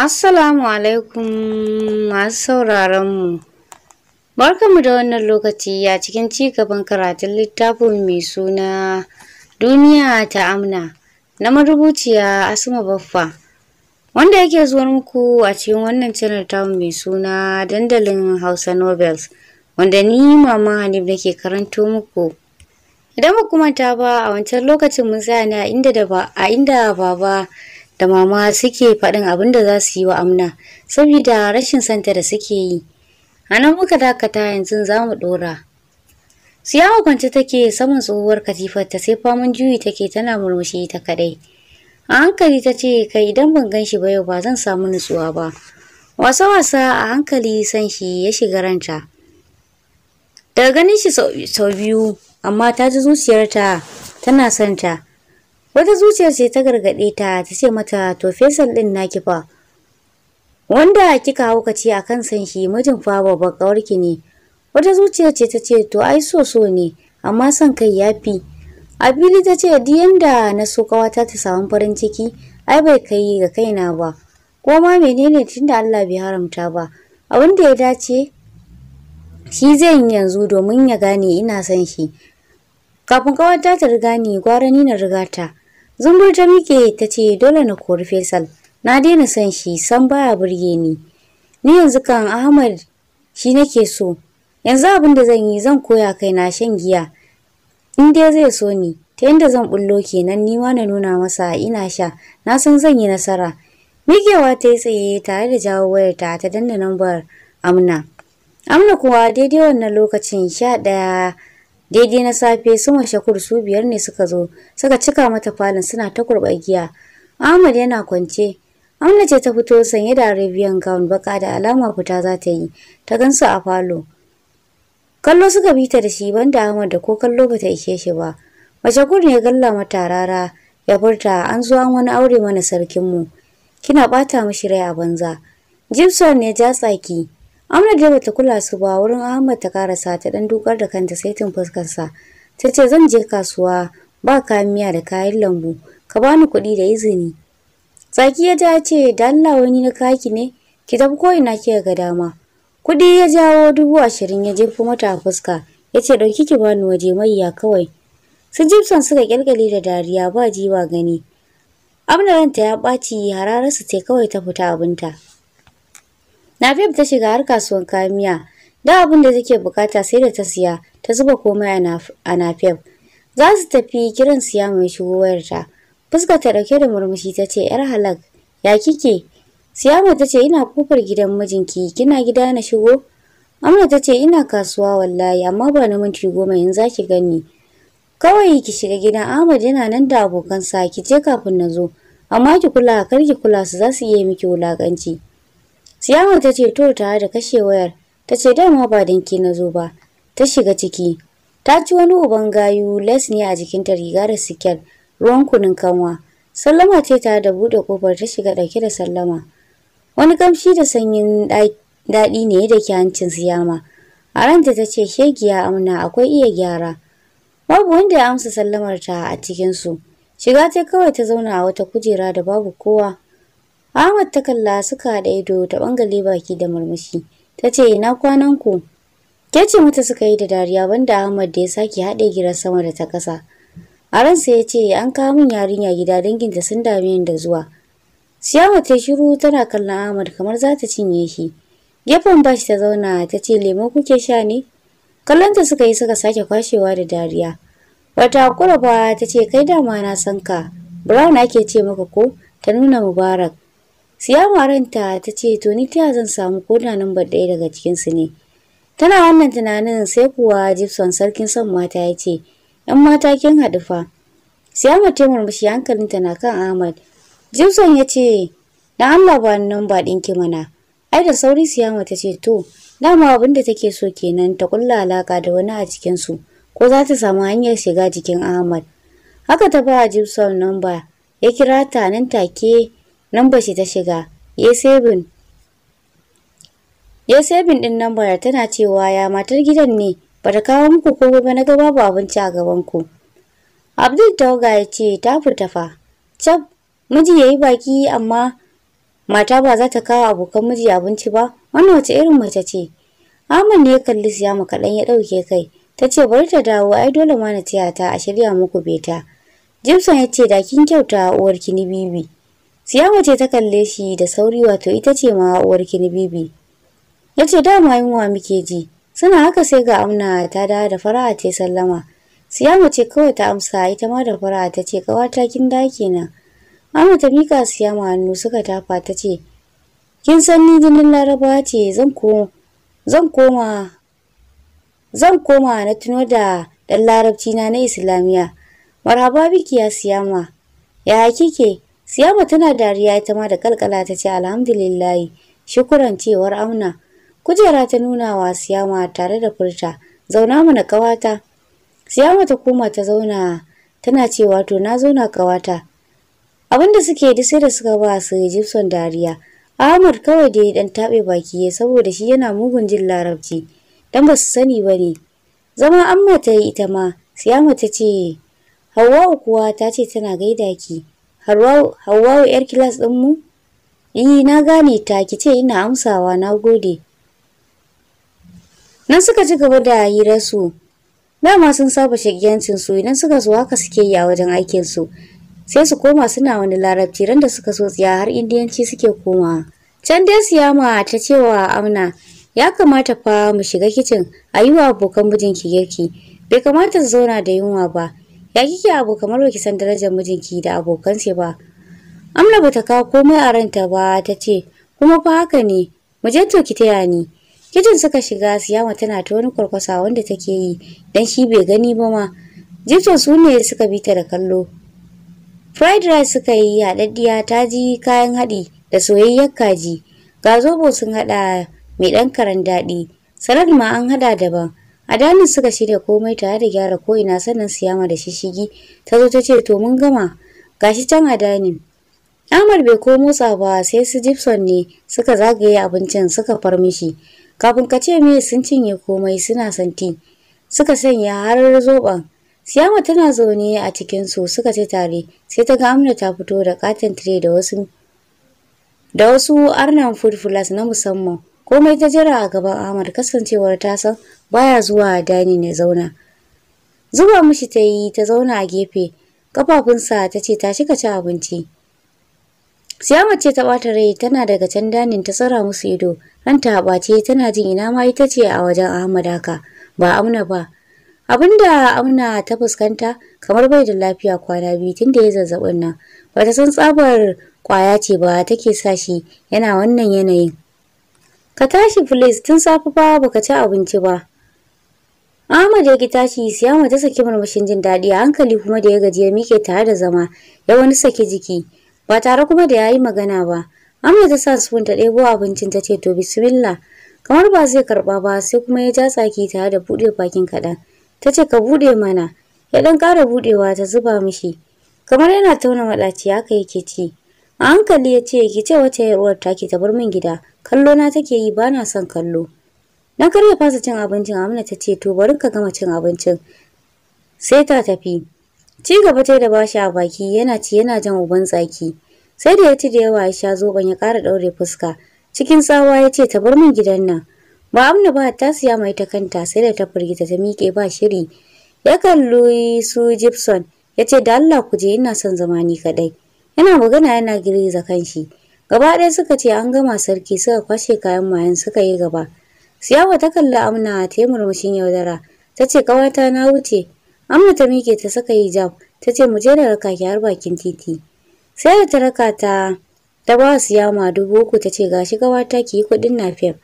Assalamu alaikum masu sauraronmu. mu da wannan lokaci a cikin ci gaban karatun littafin mai suna Duniya ta Amna na marubuciya Asma Baffa wanda yake zuwa muku a cikin wannan channel tamu mai suna dandalin Hausa Novels wanda ni Mama Hanif nake karanto muku. Idan ba kuma ta ba a wancan lokacin mun tsaya ne a inda baba da mama suke faɗin abin da za su yi wa amna saboda rashin santa da suke yi a nan muka dakata yanzu za mu ɗora siyawa kwance take saman tsohuwar katifar ta sai faman juyi take tana murmushi ta kaɗai a hankali ta ce kai idan ban gan shi ba yau ba zan samu nutsuwa ba wasa-wasa a hankali san shi ya shiga ranta daga ganin shi sau biyu amma ta ji zuciyarta tana son ta Wata zuciyar ce ta gargaɗe ta ta ce mata to fesan ɗin naki fa. Wanda kika hau ka ce a kan san shi mijin fa babbar ƙawarki ne. Wata zuciyar ce ta ce to ai so so ne amma son kai ya fi. A fili ta ce duk yanda na so kawata ta samu farin ciki ai bai kai ga kaina ba. Ko ma menene tunda Allah bai haramta ba. Abin da ya dace shi zai yi yanzu domin ya gane ina son shi. Kafin kawata ta riga ni gwara ni na riga ta. Zumbur ta ta ce dole na kori fesal. Na daina son shi san baya burge ni. Ni yanzu kan Ahmad shi nake so. Yanzu abin da zan yi zan koya kai na shan giya. In dai zai so ni, ta yanda zan bullo kenan ni ma na nuna masa ina sha. Na san zan yi nasara. Migewa ta yi tsaye tare da jawo wayarta ta danna lambar Amna. Amna kuwa daidai wannan lokacin sha ɗaya Daidai na safe Suma Shakur su biyar ne suka zo, suka cika mata falin suna ta kurɓa giya. Ahmad yana kwance. Amna ce ta fito sanye da Arabian gown baka da alamar fita za ta yi, ta gansu a falo. Kallo suka bi ta da shi banda Ahmad da ko kallo bata ishe shi ba. Mace kur ne galla mata rara ya furta an zo an wani aure mana sarkinmu. Kina bata mishi rai a banza. jimson ne ja tsaki. Amna dai ta kula su ba wurin Ahmad ta karasa ta dan dukar da kanta sai tun fuskarsa. Ta ce zan je kasuwa ba kayan miya da kayan lambu ka bani kuɗi da izini. zaki ta ce da Allah wani na kaki ne ki tafi ko ina kike ga dama. Kuɗi ya jawo dubu ashirin ya jefa mata a fuska yace ce ɗauki ki bani waje mayya kawai. Su Gibson suka kyalkyale da dariya ba jiwa gani. Amna ranta ya ɓaci harararsu ce kawai ta fita abinta. Nabib ta shiga har kasuwan kayan miya. Da abin da take bukata sai da ta siya, ta zuba komai a Nafiyab. Za su tafi kiran siya mai shigo wayarta. Fuska ta dauke da murmushi ta ce ‘yar halak, ya kike? Siyama ta ce ina kofar gidan mijinki, kina gida na shigo? Amma ta ce ina kasuwa wallahi amma ba na minti goma in za ki gani. Kawai ki shiga gidan Ahmad yana nan da abokansa ki je kafin na zo. Amma ki kula kar ki kula su za su iya miki wulakanci. Siyama ta ce to tare da kashe wayar. Ta ce dama ba dinki na zo ba. Ta shiga ciki. Ta ci wani uban gayu les ne a jikin ta riga da sikel ruwan kunun kanwa. Sallama ce ta da buɗe kofar ta shiga ɗauke da sallama. Wani kamshi da sanyin daɗi ne da ke hancin siyama. A ranta ta ce shegiya amna akwai iya gyara. Babu wanda ya amsa sallamar ta a cikinsu. Shiga ta kawai ta zauna a wata kujera da babu kowa. Ahmad ta kalla suka haɗa ido ta bangale baki da murmushi. Ta ce ina kwanan ku? Kece mata suka yi da dariya wanda Ahmad da ya sake haɗe girar sama da ta kasa. A ransa ya ce an kawo min yarinya gida danginta sun dame da zuwa. siya ta shiru tana kallon Ahmad kamar za ta cinye shi. Gefen bashi ta zauna ta ce lemo kuke sha ne? Kallonta suka yi suka sake kwashewa da dariya. Wata hakura ba ta ce kai dama na san ka. Brown ake ce maka ko? Ta nuna Mubarak. Siyama ranta ta ce to ni ta zan samu koda namba 1 ɗaya daga cikinsu ne. Tana wannan tunanin sai kuwa Gibson sarkin son mata ya ce, ‘yan mata kin haɗu fa. Siyama ta murmushi hankalinta na kan Ahmad. Gibson ya ce, na Allah ba namba ɗinki mana. Ai da sauri Siyama ta ce to, dama abin da take so kenan ta kulla alaka da wani a cikinsu ko za ta samu hanyar shiga jikin Ahmad. Haka ta ba Gibson namba ya kira ta nan take lambar shi ta shiga ya sabin ya sabin din lambar tana cewa ya matar gidan ne bata kawo muku ko ba na ga babu abinci a gaban ku Abdul Tauga ya ce ta furtafa. fa cab miji yayi baki amma mata ba za ta kawo abokan miji abinci ba wannan wace irin mace ce Aman ne ya kalli mu kaɗan ya ɗauke kai ta ce bari ta dawo ai dole ma na tiyata a shirya muku beta Jimson ya ce da kyauta uwar ni bibi Siyama ce ta kalle shi da sauri wato ita ce ma uwar Kinibibi. Ya ce dama yunwa muke ji, suna haka sai ga amna ta dawo da fara'a ta sallama. Siyama ce kawai ta amsa ita ma da fara'a ta ce kawata kin da kenan. Amna ta mika siyama hannu suka tafa ta ce kin san ni jinin larabawa ce zan ko zan koma zan koma na tuno da dan larabci na na islamiya. Marhaba biki ya siyama. Ya kike? Siyama tana dariya ita ma da kalkala ta ce alhamdulillahi shukuran cewar amna. Kujera ta nuna wa Siyama tare da furta zauna mana kawata. Siyama ta koma ta zauna tana ce wato na zauna kawata. Abinda suke yi sai da suka ba su Gibson dariya. Ahmad kawai da ya dan tabe baki ya saboda shi yana mugun jin larabci dan ba su sani ba ne. Zama amma ta yi ita ma Siyama ta ce Hawwa kuwa ta ce tana gaida ki. Hawwa'u ‘yar kilas ɗin mu? Eh, na gane ta ki ina amsawa na gode. Nan suka ci gaba da su Dama sun saba su idan suka zo haka suke yi a wajen aikin su Sai su koma suna wani larabci ran da suka so tsiya har indiyanci suke koma. Can dai siyama ta cewa wa Amna, ya kamata fa mu shiga kicin a yi wa abokan mijinki girki. Bai kamata su zauna da yunwa ba, ya kike abu kamar baki san darajar mijinki da abokansa ba amla bata kawo komai a ranta ba tace kuma fa haka ne mu je ki taya ni Kitchen suka shiga siyama tana ta wani kwarkwasa wanda take yi dan shi bai gani ba ma. Jito su ne suka bi ta da kallo. Fried rice suka yi haɗaɗɗiya ta ji kayan haɗi da soyayyar kaji. Ga zobo sun haɗa mai ɗan karan daɗi. Salad ma an haɗa daban. A suka shirya komai tare da gyara ko'ina sannan siyama da shishigi ta zo ta ce to mun gama gashi can a danin. Ahmad bai komo motsa ba sai su Gibson ne suka zagaye abincin suka far mishi. Kafin ka ce me sun cinye komai suna santi. Suka sanya har zoben. Siyama tana zaune a cikin su suka ce tare sai ta ga Amna ta fito da katin tire da wasu da wasu arnan food na musamman. Komai ta jira a gaban Ahmad kasancewar ta san baya zuwa dani ya zauna zuba mishi ta yi ta zauna a gefe kafafunsa ta ce ta shiga ci abinci siyama ce ta ɓata rai tana daga can danin ta tsara musu ido ranta ɓace tana jin ina ma ita ce a wajen ahmad haka ba amna ba abin da amna ta fuskanta kamar bai da lafiya kwana biyu tun da ya zazzabin nan bata san tsabar kwaya ce ba take sa shi yana wannan yanayin ka tashi please tun safe fa baka ci abinci ba Ahmad ya ki tashi Siyama ta saki murmushin jin daɗi a hankali kuma da ya gaji ya mike tare da zama ya wani saki jiki ba tare kuma da yayi magana ba. Ahmad ta sa spoon ta ɗebo abincin ta ce to bismillah kamar ba zai karba ba sai kuma ya ja tsaki tare da buɗe bakin kaɗan. Ta ce ka buɗe mana ya ɗan ƙara buɗewa ta zuba mishi kamar yana tauna maɗaci haka yake ci. A hankali ya ce ki ce wata yarwar take ta bar min gida kallo na take yi bana son kallo. Na karya fasa cin abincin Amina ta ce to bari ka gama cin abincin. Sai ta tafi. Ci gaba ta da bashi a baki yana ci yana jan uban tsaki. Sai da ya ci da yawa ya sha zoben ya ƙara ɗaure fuska. Cikin tsawa ya ce ta bar min gidan nan. Ba Amna ba ta siya mai ta kanta sai da ta firgita ta miƙe ba shiri. Ya kalli su Gibson ya ce da Allah ku je ina son zama ni kaɗai. Yana magana yana girgiza kanshi. Gaba ɗaya suka ce an gama sarki suka kwashe kayan mayan suka yi gaba. Siyawa ta kalli Amna ta yi murmushin yaudara. Ta ce ƙawata na wuce. Amna ta miƙe ta saka hijab. Ta ce mu je da raka ki har bakin titi. Sai da ta raka ta ta ba Siyama dubu uku ta ce gashi ƙawata ki yi kuɗin nafiyar.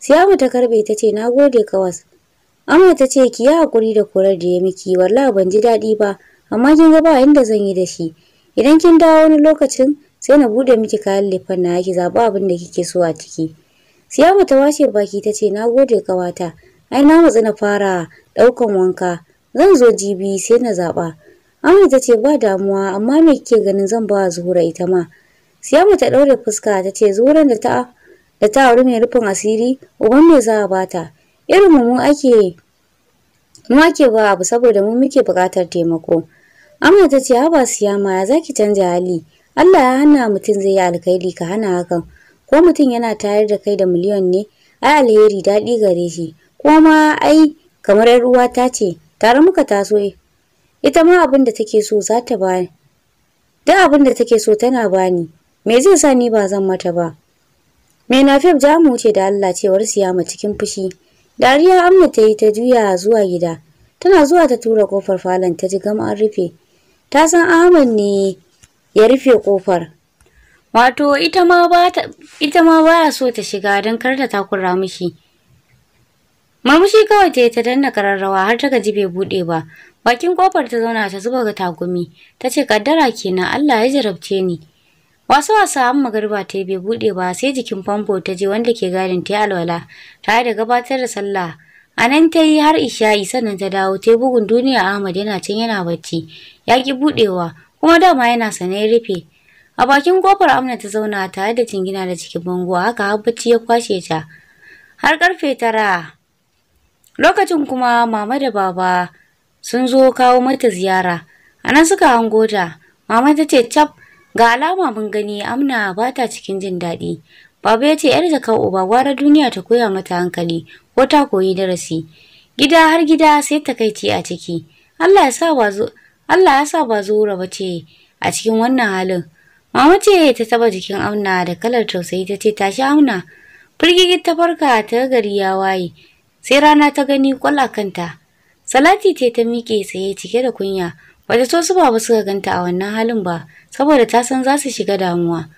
Siyama ta karɓe ta ce na gode kawas. Amna ta ce ki yi hakuri da korar da ya miki wallahi ban ji daɗi ba amma kin ga ba inda zan yi da shi. Idan kin dawo wani lokacin sai na buɗe miki kayan lefen na ki zaɓi abin da kike so a ciki. Siyama ta washe baki ta ce na gode kawata. Ai na matsi na fara ɗaukan wanka. Zan zo jibi sai na zaɓa. Amina ta ce ba damuwa amma me kike ganin zan ba Zuhura ita ma. Siyama ta ɗaure fuska ta ce Zuhuran da ta da ta auri mai rufin asiri uban me za a bata. Irin mu ake mu ake ba abu saboda mu muke buƙatar taimako. Amina ta ce haba Siyama ya zaki canja hali. Allah ya hana mutum zai yi alkhairi ka hana hakan. ko mutum yana tayar da kai da miliyon ne ai alheri daɗi gare shi ko ma ai kamar yar uwa ta ce tare muka taso eh. ita ma abin da take so za ta bani da abin da take so tana bani me zai sa ni ba zan mata ba me nafif mu ce da Allah cewar siyama cikin fushi dariya amma ta yi ta juya zuwa gida tana zuwa ta tura kofar falon ta ji gama an rufe ta san Ahmad ne ya rufe kofar Wato ita ma ba ya so ta shiga don kar ta takura mishi. Murmushi kawai ta yi ta danna kararrawa har ta gaji bai buɗe ba. Bakin kofar ta zauna ta zuba ga tagumi Ta ce kaddara kenan Allah ya jarabce ni. Wasu wasa an magarba ta yi bai buɗe ba sai jikin famfo ta je wanda ke gadin ta yi alwala tare da gabatar da sallah. A nan ta yi har isha'i sannan ta dawo ta bugun duniya Ahmad yana can yana bacci. Ya ki buɗewa kuma dama yana sane rufe. A bakin kofar Amna ta zauna tare da cingina da cikin bango haka har bacci ya kwashe ta. Har karfe tara. Lokacin kuma mama da baba sun zo kawo mata ziyara. A nan suka hango ta. Mama ta ce cap ga alama mun gani Amna ba ta cikin jin daɗi. Baba ya ce 'yar jakar uba gwara duniya ta koya mata hankali ko ta koyi darasi. Gida har gida sai ta takaici a ciki. Allah ya ba zo Allah ya sa ba zo raba ce a cikin wannan halin. Mama ce ta taba jikin Amna da kalar tausayi ta ce ta tashi Amna. firgigi ta farka ta gari ya waye. Sai rana ta gani kwalla kanta. Salati ce ta miƙe tsaye cike da kunya. Bata so su babu suka ganta a wannan halin ba saboda ta san za su shiga damuwa.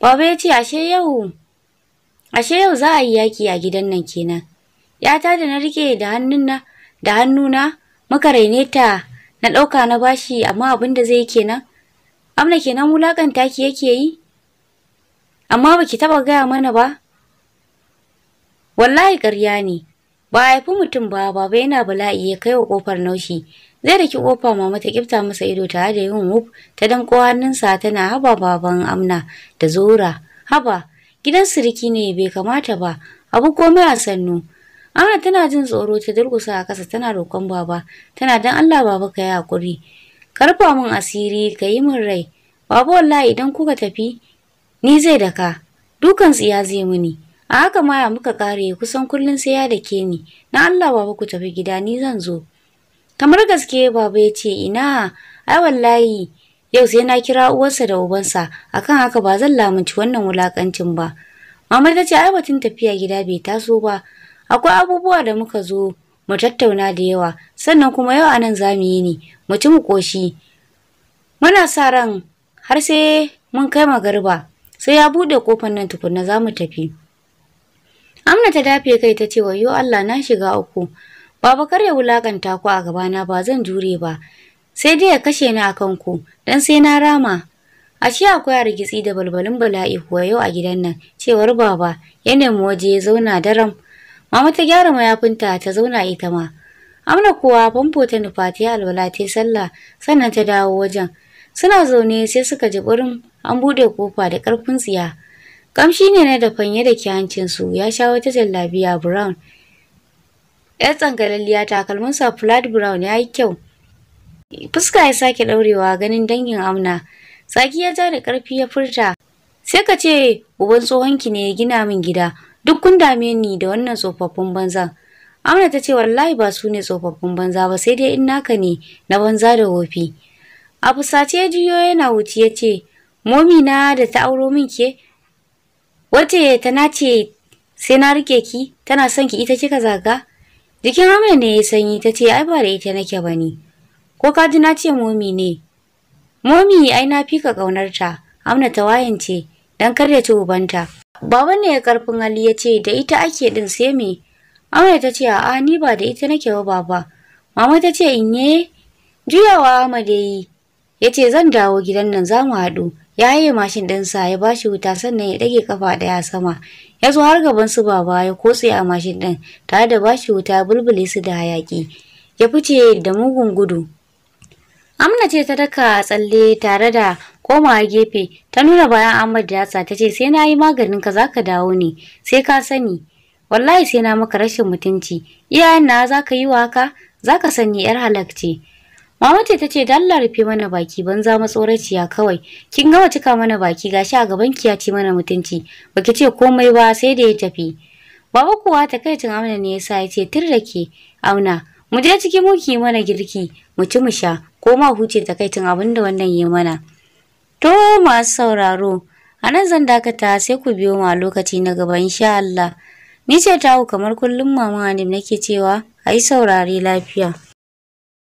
Baba ya ce ashe yau ashe yau za a yi yaki a gidan nan kenan. Yata da na rike da hannuna da hannuna muka raine ta na ɗauka na bashi amma abin da zai kenan Amna kenan wulakanta ki yake yi? Amma baki taba gaya mana ba? Wallahi ƙarya ne. Ba a haifi mutum ba, baba yana bala'i ya kai wa ƙofar naushi. Zai da ki ƙofa mama ta kifta masa ido tare da yin wuf ta danko sa tana haba baban Amna da Zora. Haba, gidan siriki ne bai kamata ba, abu komai a sannu. Amna tana jin tsoro ta durƙusa a ƙasa tana roƙon baba, tana dan Allah baba ka yi haƙuri. karfa mun asiri ka yi min rai babu wallahi idan kuka tafi ni zai daka dukan tsiya zai muni a haka ma ya muka kare kusan kullun sai ya dake ni na Allah babu ku tafi gida ni zan zo kamar gaske baba ya ce ina ai wallahi yau sai na kira uwarsa da ubansa akan haka ba zan lamunci wannan wulakancin ba Mama ta ce ai batun tafiya gida bai taso ba. Akwai abubuwa da muka zo mu tattauna da yawa, sannan kuma yau anan za yi ne, mu ci mu ƙoshi. Muna sa ran har sai mun kai magarba sai ya buɗe kofar nan tukunna za mu tafi. Amna ta dafe kai ta ce wa yo Allah na shiga uku. Baba kar ya wulakanta ku a gabana ba zan jure ba. Sai dai ya kashe ni a ku. dan sai na rama. A shi akwai rigitsi da balbalin bala'i kuwa yau a gidan nan cewar baba ya mu waje ya zauna daram. Mama ta gyara mayafinta ta zauna ita ma. Amna kuwa famfo ta nufa ta alwala ta sallah sannan ta dawo wajen. Suna zaune sai suka ji burin an buɗe kofa da ƙarfin tsiya. Kamshi ne na da fanye da ke su ya sha wata jallabiya brown. ‘Yar tsangalalliya takalminsa flat brown ya yi kyau. Fuska ya sake ɗaurewa ganin dangin amna. Tsaki ya ja da ƙarfi ya furta. Sai ka ce, uban tsohonki ne ya gina min gida, duk kun dame ni da wannan tsofaffin banzan. Amina ta ce wallahi ba su ne tsofaffin banza ba sai dai in naka ne na banza da wofi. A fusace ya juyo yana wuce ya ce, Momi na da ta auro min ke? Wace ta nace sai na rike ki tana son ki ita kika zaga? Jikin Amina ne ya sanyi ta ce ai ba da ita nake ba ne. Ko ka ji na ce momi ne? Momi ai na fika ƙaunarta, Amina ta wayance dan kar ya ci ubanta. Baban ne ya karfin hali ya ce da ita ake din sai me? Amai ta ce a'a ni ba da ita nake wa ba Mama ta ce in ye juyawa Ahmad ya yi. Ya ce zan dawo gidan nan za mu haɗu. Ya haye mashin ɗinsa ya ba shi wuta sannan ya ɗage kafa ɗaya sama. Ya zo har gaban su baba ya kotse a mashin ɗin tare da ba shi wuta bulbule su da hayaƙi. Ya fice da mugun gudu. Amna ce ta daka tsalle tare da komawa gefe ta nuna bayan Ahmad yatsa ta ce sai na yi maganin ka za ka dawo ne sai ka sani wallahi sai na maka rashin mutunci iyayen na za ka yi wa haka za ka sani yar halakci mama ce tace ce da Allah rufe mana baki banza tsoraciya kawai kin gama cika mana baki gashi a gaban ki ya ci mana mutunci baki ce komai ba sai da ya tafi baba kuwa takaicin amna ne yasa ya ce tun da ke auna mu je cikin muki mana girki mu ci mu sha ko ma huce kai abin abinda wannan yi mana to masu sauraro a nan zan dakata sai ku biyo ma lokaci na gaba insha Allah Ni ce tawo kamar kullum mama Hanim nake cewa a yi saurari lafiya.